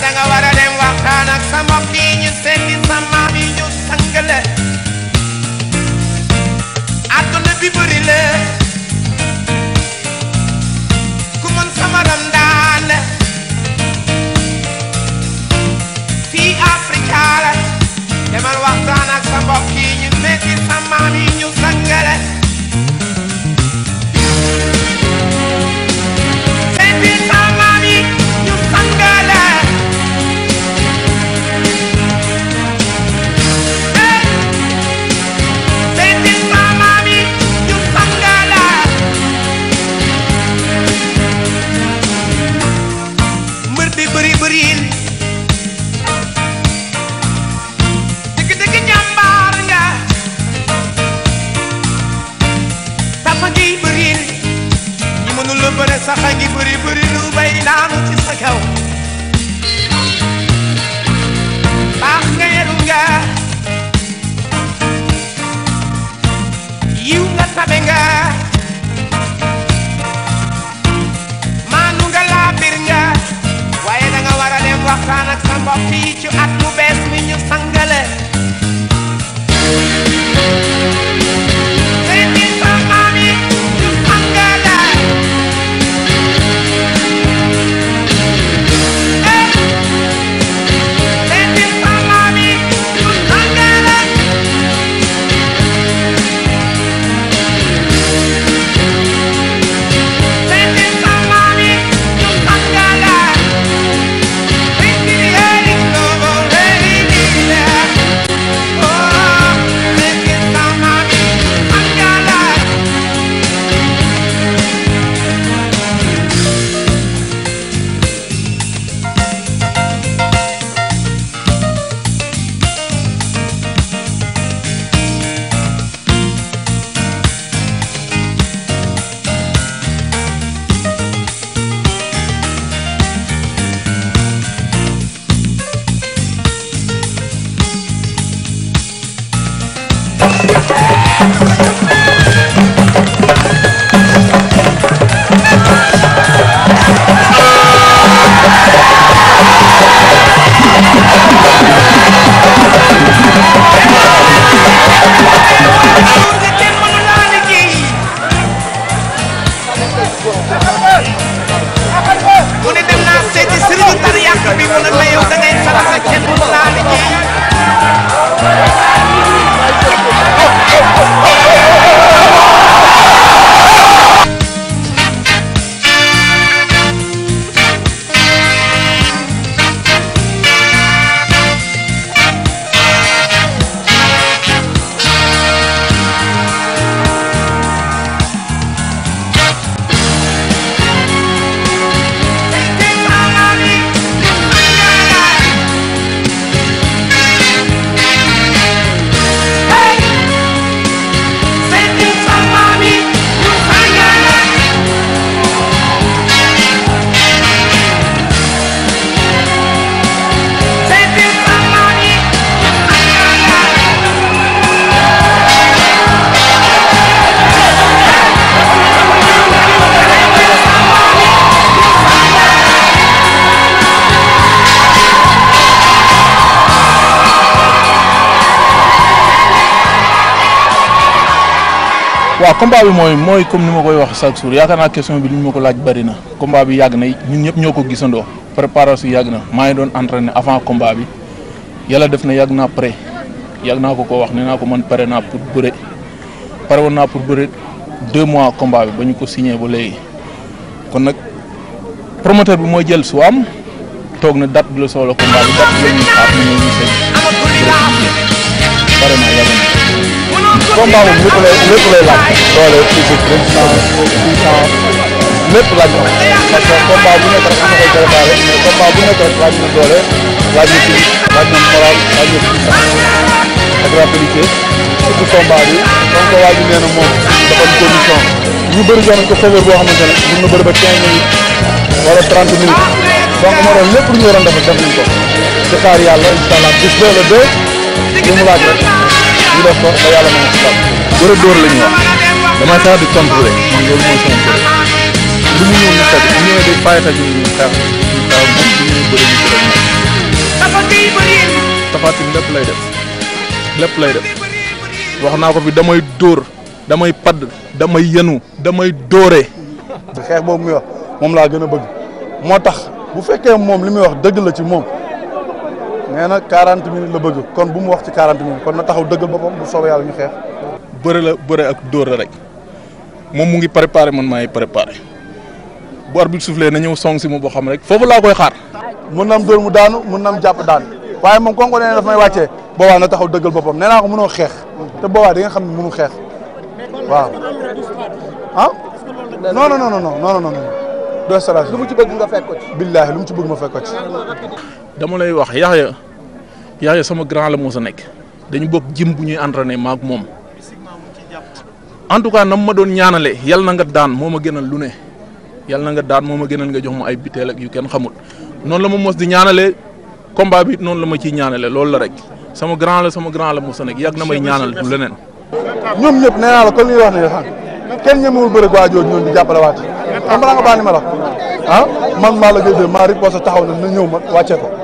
da nga war a dem waxtaan ak sa mbokk yi ñu seeti sa maam yi ñu sangale jibril dëgg dëgg jàmbaar nga papa ngi jibril ñu mënul la bëre sax a ngi bëri bëri lu bay daanu ci sa kaw baax nga yaru nga yiw nga tabe nga fii ci at mu ne dem naa seeti sëriñu tariyax bi mu ne ma yow da ngay sarax ak kenn mënu laa liggéey waaw combat bi mooy mooy comme ni ma koy wax chaque jour yaakaar naa question bi li ñu ma ko laaj bëri na combat bi yàgg na ñun ñëpp ñoo ko gisandoo préparation yàgg na maa ngi doon entraîné avant combat bi yàlla def na yàgg naa pré yàgg naa ko ko wax nee naa ko man pare naa pour bëre pare woon naa pour bëre deux mois combat bi ba ñu ko signé ba léegi kon nag promoteur bi mooy jël su am toog na date bi la soxla combat bi date bi la ñuy xaar ñu ñëw ñu sëñ pare naa yàgg na combat moom lépp lay lépp lay laaj doole physique résistance puissance lépp laaj na parce que combat bu nekk rek am na koy préparé mais combat bu nekk rek laaj na doole laaj na physique laaj na moral laaj na puissance ak rapidité surtout combat bi comme que waa ji nee na moom dafa am condition ñu bëri jox nañ ko faveur boo xamante ne mën na bëri ba 15 minutes wala 30 minutes donc moo doon lépp lu ñu waroon dafa def nañ ko di xaar yàlla incha allah bis le 2 li mu ko a sukkandiku. war dóor la ñu wax damay sax di lu mu ñëw ñu bu ñëwee day bàyyi xel lay def lépp lay wax naa ko fi damay dóor damay padd damay yenu damay dóore. xeex boobu muy wax moom laa gën a bëgg moo tax bu fekkee moom li muy wax dëgg la ci moom. nee na 40 minutes la bëgg kon bu mu wax ci 40 minutes kon na taxaw dëggal boppam bu soobee yàlla ñu xeex. bëre la bëre ak dóor la rek moom mu ngi préparé man maa ngi préparé bu arbitre soufflé na ñëw song si mu boo xam rek foofu laa koy xaar. mun na am dóor mu daanu mun na am jàpp daan waaye moom kon ko nee na daf may wàccee boobaa na taxaw dëggal boppam nee naa ko mënoo xeex te boobaa di nga xam ne mënu xeex waaw ah non non doo saraas lu mu ci bëgg nga fekk ko ci. billaahi lu ma fekk ci. dama lay wax Yaxya Yaxya sama grand la moo sa nekk dañu bokk jim bu ñuy entraîné maag moom en tout cas nam ma doon ñaanale yal na nga daan moo ma gënal lu ne yal na nga daan moo ma gënal nga jox ma ay biteel ak yu kenn xamul noonu la ma mos di ñaanale combat bi noonu la ma ciy ñaanale loolu la rek sama grand la sama grand la moo sa nekk yàgg na may ñaanal du leneen. ñoom ñëpp nee la kon li ñu wax ne kenn ñemewul bëre waa jooju ñoon di jàppale waat xam nga nga baal ni ah, man maa la gëj maa riposte taxaw na na ñëw ma wàccee ko